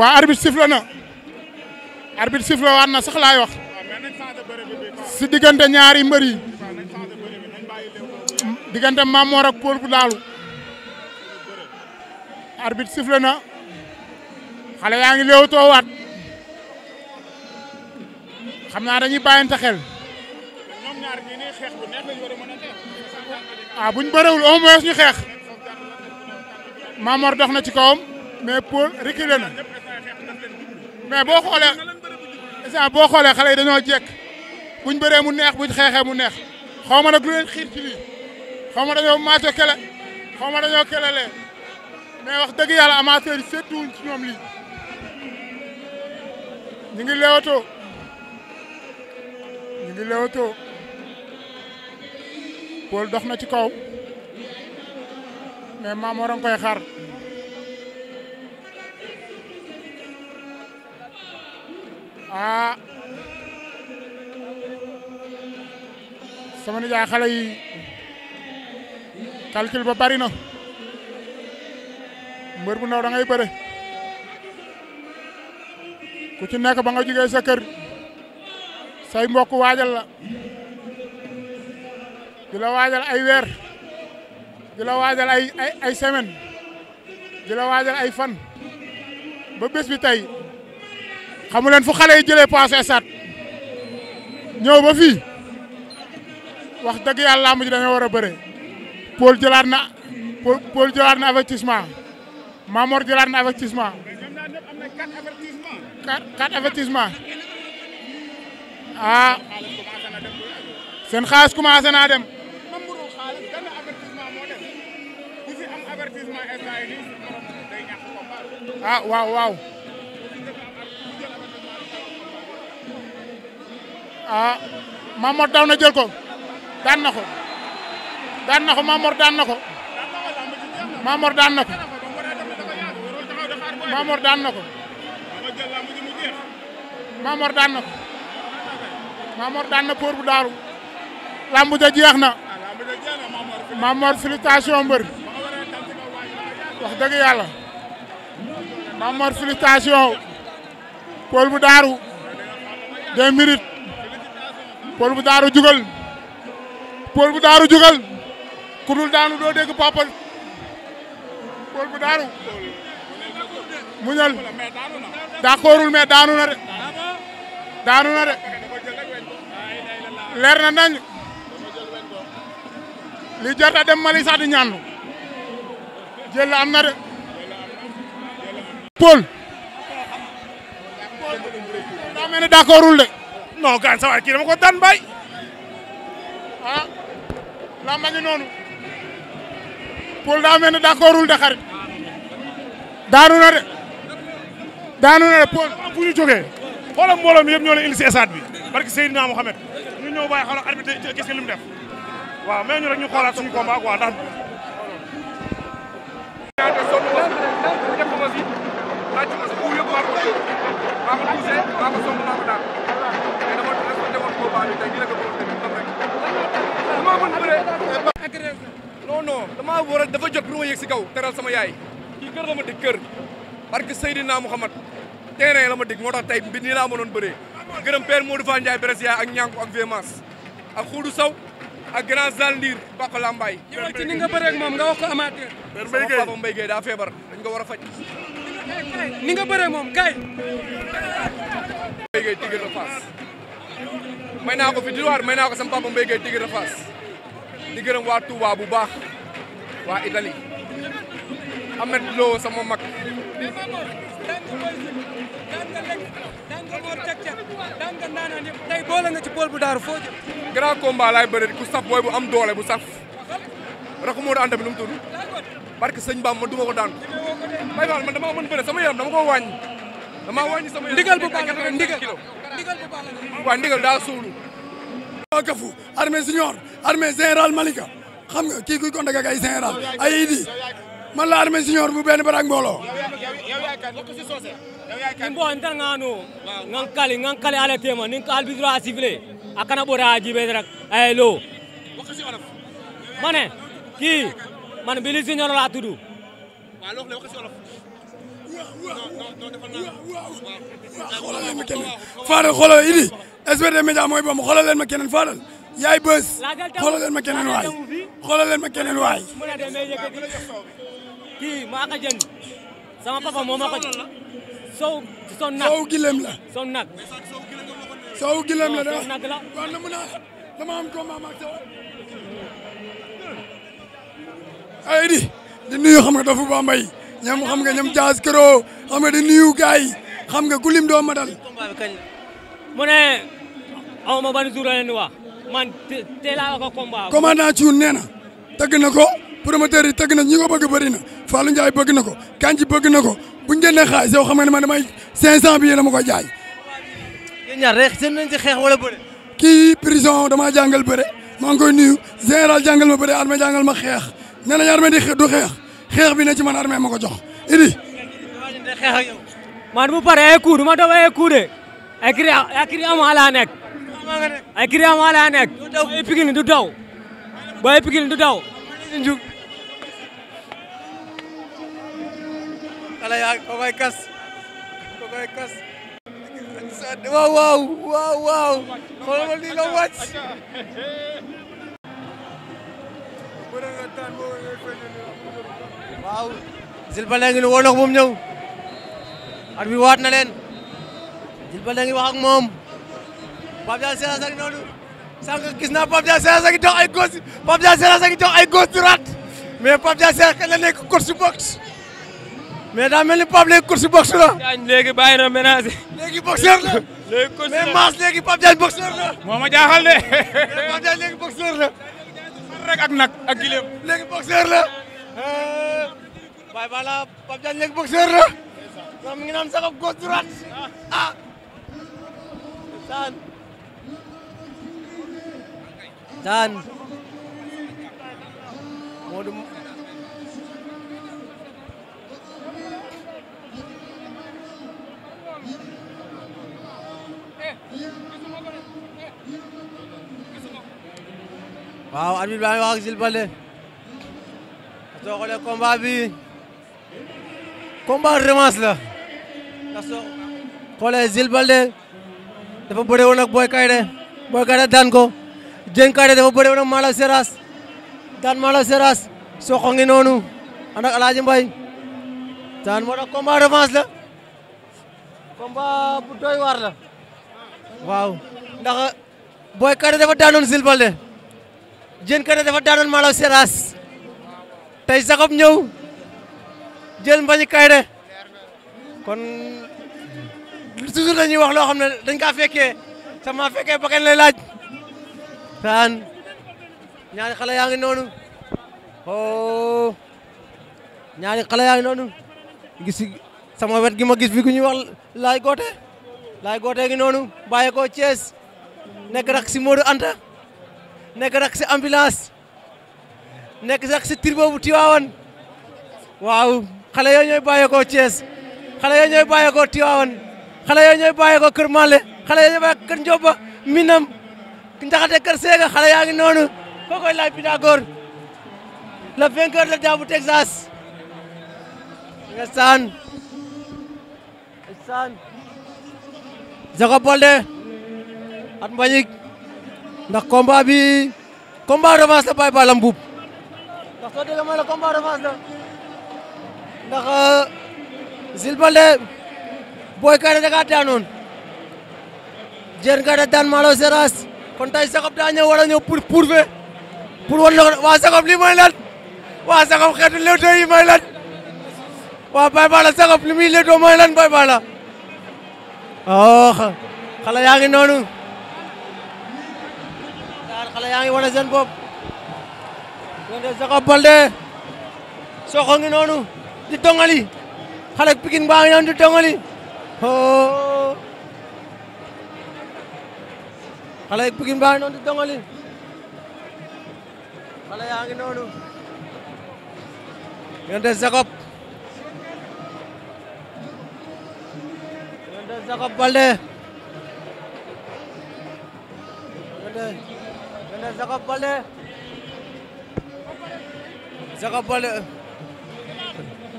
waa arbitre sifflé na arbit sifflé waat na sax laay wax si diggante ñaari mbër yi diggante Mamor ak Paul bu Daalu arbitre sifflé na xale yaa ngi léewtoo waat xam naa dañuy bàyyante xel ah buñ bërewul mo moins ñu xeex Mamor dox na ci kawam mais Paul reculé na mais boo xoolee instant boo xoolee xale yi dañoo jekk buñ bëree mu neex buñ xeexee mu neex xaw ma nag lu leen xiir ci lii xaw ma dañoo maaco kele xaw ma dañoo kelelee mais wax dëgg yàlla amateur yi seetlu wuñ ci ñoom lii ñu ngi leewatoo ñu ngi leewatoo Paul dox na ci kaw mais Mamor a ngi koy ah sama nijaay xale yi calcul ba bari na mbër bu ndaw da ngay bëre ku ci nekk ba nga jógee sa kër say mbokk waajal la di waajal ay weer di la waajal ay ay ay waajal ay fan ba bés bi tey xamu leen fu xale yi jëlee passé sat ñëw ba fii wax dëgg yàlla làmb dañoo war a bëre Paul jëlaat na Paul jëlaat na avertissement Mamor jëlaat na avertissement quatre avertissement ah seen xaalis commencé naa dem ah waaw waaw ah Mamor daw na jël ko daan na ko daan na ko Mamor daan na ko Mamor daan na ko Mamor daan na ko Mamor daan daan na pour bu daaru lamb jeex na Mamor félicitation mbër wax dëgg yàlla Mamor félicitation pour bu daaru deux minutes Paul bu daaru jugal Paul bu daaru jugal ku daanu doo dégg papa Paul bu daaru muñal d'accordul mais daanu na de daanu na de leer na nañ li jot a dem Mali sax am na de Paul nga ne d'accordul de. noonu Paul daa mel ne d'accordul de xarit daanu na de daanu na de Paul fu ñu jógee xoolal mbooloo mi yëpp ñoo ne indi si esaat bi barki Seydina Mohamed ñu ñëw bàyyi xoolal arbitre gis nga waaw mais ñu rek xoolaat suñu combat quoi daan yaa a ko poussé maa ko song maa ko daan mais dama respecté woon combat bi tey la ko bëggoon tamit xam rek. dama mën a dafa ma yëg si kaw teral sama yaay kii kër la ma dig kër barke Seydina Mouhamad terrain ma dig moo tax tey bi nii laa mënoon bëree gërëm père Modou Fall Ndiaye Brescia ak ñànku ak Vémas ak Khoudou Sow ak grand Zal Ndir ni nga bëree ak moom nga wax ko amateur. Père Mbaye Gueye sama papa daa feebar dañ ko war a faj. ni nga bëree moom kay. Mbaye Gueye Tigre de Fass may naa ko fi di waar may naa ko sama papa Mbaye Gueye Tigre fas Fass di gërëm waa Touba bu baax waa Italie Ahmed Lo sama mag. tey boole nga ci bool bu daaru foo jëm. grand combat laay bëri ku saf booy bu am doole bu saf rakk moo ànd bi barke sëñ Bamba ma ko daan bay wal man dama mën bëre sama yaram dama ko wàññi dama wàññi sama yaram ndigal bu baax la ndigal ndigal Malika xam nga kii kuy contact ak ay man la armée junior bu benn barak mbooloo mbo ntargano ngan kali ngan kali ala nin ka albidro a sifflé a kana tarak aye mane kii man Billy Junior laa tudd. waaw loolu wax si olof. xoolal Idi SBT Média mooy boobu xoolal leen ma keneen Fadal yaay bës xoolal leen ma keneen waay xoolal leen kii maa sama papa moo ma ko jënd. sow son la sow nag. la de ay di di nuyu xam nga dafa bambay ñoom xam nga ñoom jaas këroo xam nga di nuyu gars yi xam nga ku lim doo ma dal. mu ne aw ma ban jour leen wax man teel laa na tëgg na ko promoteur yi tëgg na ñi ko bëgg bëri na Fallou Ndiaye bëgg na ko Kanji bëgg na ko bu ñu xam nga ne man damay 500 billets dama koy jaay. yéen ñaar rek seen nañ ci xeex wala bëre. kii prison damaa jàngal bëre maa ngi koy général jàngal ma bëre armée jàngal ma xeex. nee nañ armée di du xeex xeex bi ne ci man armée ma ko jox idi man bu pare ay coup du ma daw ay coup de ay cri ay cri ama laa nekk ay cri ama laa nekk booy Pikine du daw booy Pikine du daw ala yaa ko koy kas ko koy kas waaw waaw waaw waaw xoolal li la wàcc waaw Jules Baldé ngi ni woo na moom ñëw at bi waat na leen Jules Baldé ngi wax moom Pape Diagne Seras a ngi noonu sànq gis naa Pape Diagne Seras ngi jox ay gauche Pape Diagne Seras a ngi jox ay gauche droite mais Pape Diagne Seras kañ la nekk course boxe mais daa mel ni Pape léegi course boxe la. léegi bàyyi na ménage. moo ma jaaxal de. mais Pape Diagne léegi boxeur la. Baye Balla Pape Diagne léegi boxeur la. ngi naan sax góor droite ah. ah. daan. daan. Modou. waaw Habib Ba wax ak Jules Baldé soo xoolee combat combat revanche la ndax soo xoolee Zil Balde bëre woon ak Boy Kayre Boy Kayre daan ko bëre woon Malaw Seras daan Malaw Seras soo xongi noonu ànd ak Alaaji moo tax combat revanche la combat bu doy waar la waaw ndax Boy Kayre dafa daanoon Zil Balde Dieng Kayre dafa daanoon Malaw Seras tey Jacob ñëw jël Mbañi Kayre kon toujours dañuy wax loo xam ne dañ kaa fekkee sama fekkee ba kenn lay laaj saan ñaari xale yaa ngi noonu oh ñaari xale yaa ngi noonu gis sama wet gi ma gis fi ku ñuy wax laay goote laay goote ngi noonu bàyyi ko Thiès nekk rak si Modou Anta nekk rak si nekk rak si turbo bu waaw xale yooyu ñooy bàyyeekoo Thiès xale yooyu ñooy bàyyeekoo Tivaouane xale yooyu ñooy bàyyeekoo Kër Male xale yooyu ñooy bàyyeekoo Kër Ndioba Minam Njaxate Kër Séga xale yaa ngi noonu kookoy laaj Pythagore le vainqueur de Daabu Texas ndeysaan ndeysaan Jacob Baldé at Mbagnick ndax la Baye Balla ndax Jules euh, Baldé Boy Kaïré da kaa daanoon Diène Kaïré daan Malo Seras kon tey Jacob daa ñëw war ñëw pour prouver pour wan la ko waa Jacob lii mooy lan waa Jacob xeetu léwtoo yi mooy lan Bala Jacob li muy léwtoo mooy lan Bala oh xale yaa ngi noonu daan xale yaa ngi wane seen bopp Jacob Baldé soxo ngi noonu di tongali xale Pikine baa ngi noonu di tongali oh xale Pikine baa ngi noonu di tongali xale yaa ngi noonu diggante Jacob diggante Jacob Baldé diggante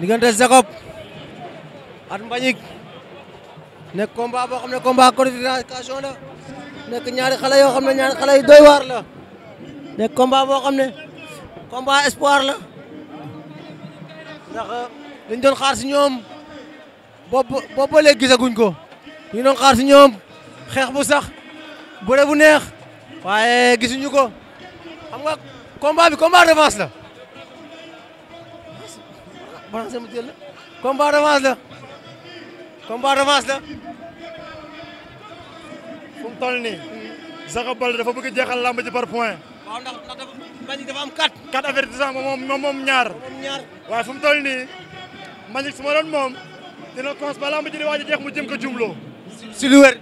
diggante Jacob at Mbagnick nekk combat boo xam ne combat coordination la nekk ñaari xale yoo xam ne ñaari xale yu doy waar la nekk combat boo xam ne combat espoir la ndax dañ doon xaar si ñoom boobu boobu ba léegi gisaguñ ko ñu doon xaar ñoom xeex bu sax bëre bu neex waaye gisuñu ko xam nga komba bi combat revanche la. Balla Gaye jël la combat d'avance la combat d'avance la fu mu toll nii Zaka Balde dafa bëgg jeexal làmb ji par point waaw ndax ndax dafa Mbagnick dafa am moom moom moom ñaar ñaar waaye fu mu toll nii Mbagnick su ma doon moom dina cons ba làmb ji di waaj a jeex mu jëm ko jumloo si lu wér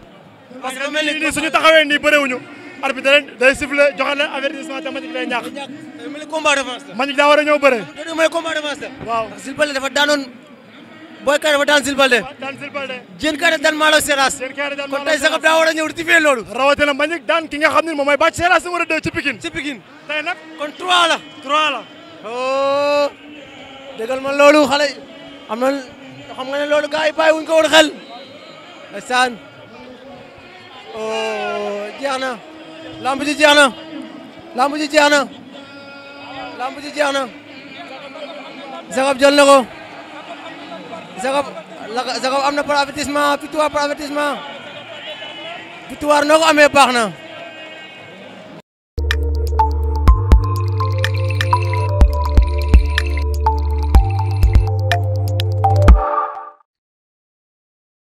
parce nii mel ni suñu taxawee nii bëréewuñu arbitre day siffler joxe leen avertissement te Mbagnick day ñàkk combat revanche la. man daa war a ñëw bëre. loolu mooy combat revanche la. waaw Jules Baldé dafa daanoon Boy Kaïré dafa daan Jules Baldé. daan Jules daan Malo Seras. Diène daan Malo Seras kon tey Sakab daa war a ñëw rectifier daan ki xam ne moom mooy Bathie Seras numéro 2 ci ci Pikine tey nag kon 3 la. 3 la. oh déggal ma loolu xale yi am na xam nga ne loolu gars yi bàyyi wuñ xel. ndeysaan oh jeex na lamb jeex na lamb ji jeex na Jacob jël na ko Jacob Jacob am na par avertissement victoire par avertissement victoire noo ko amee baax na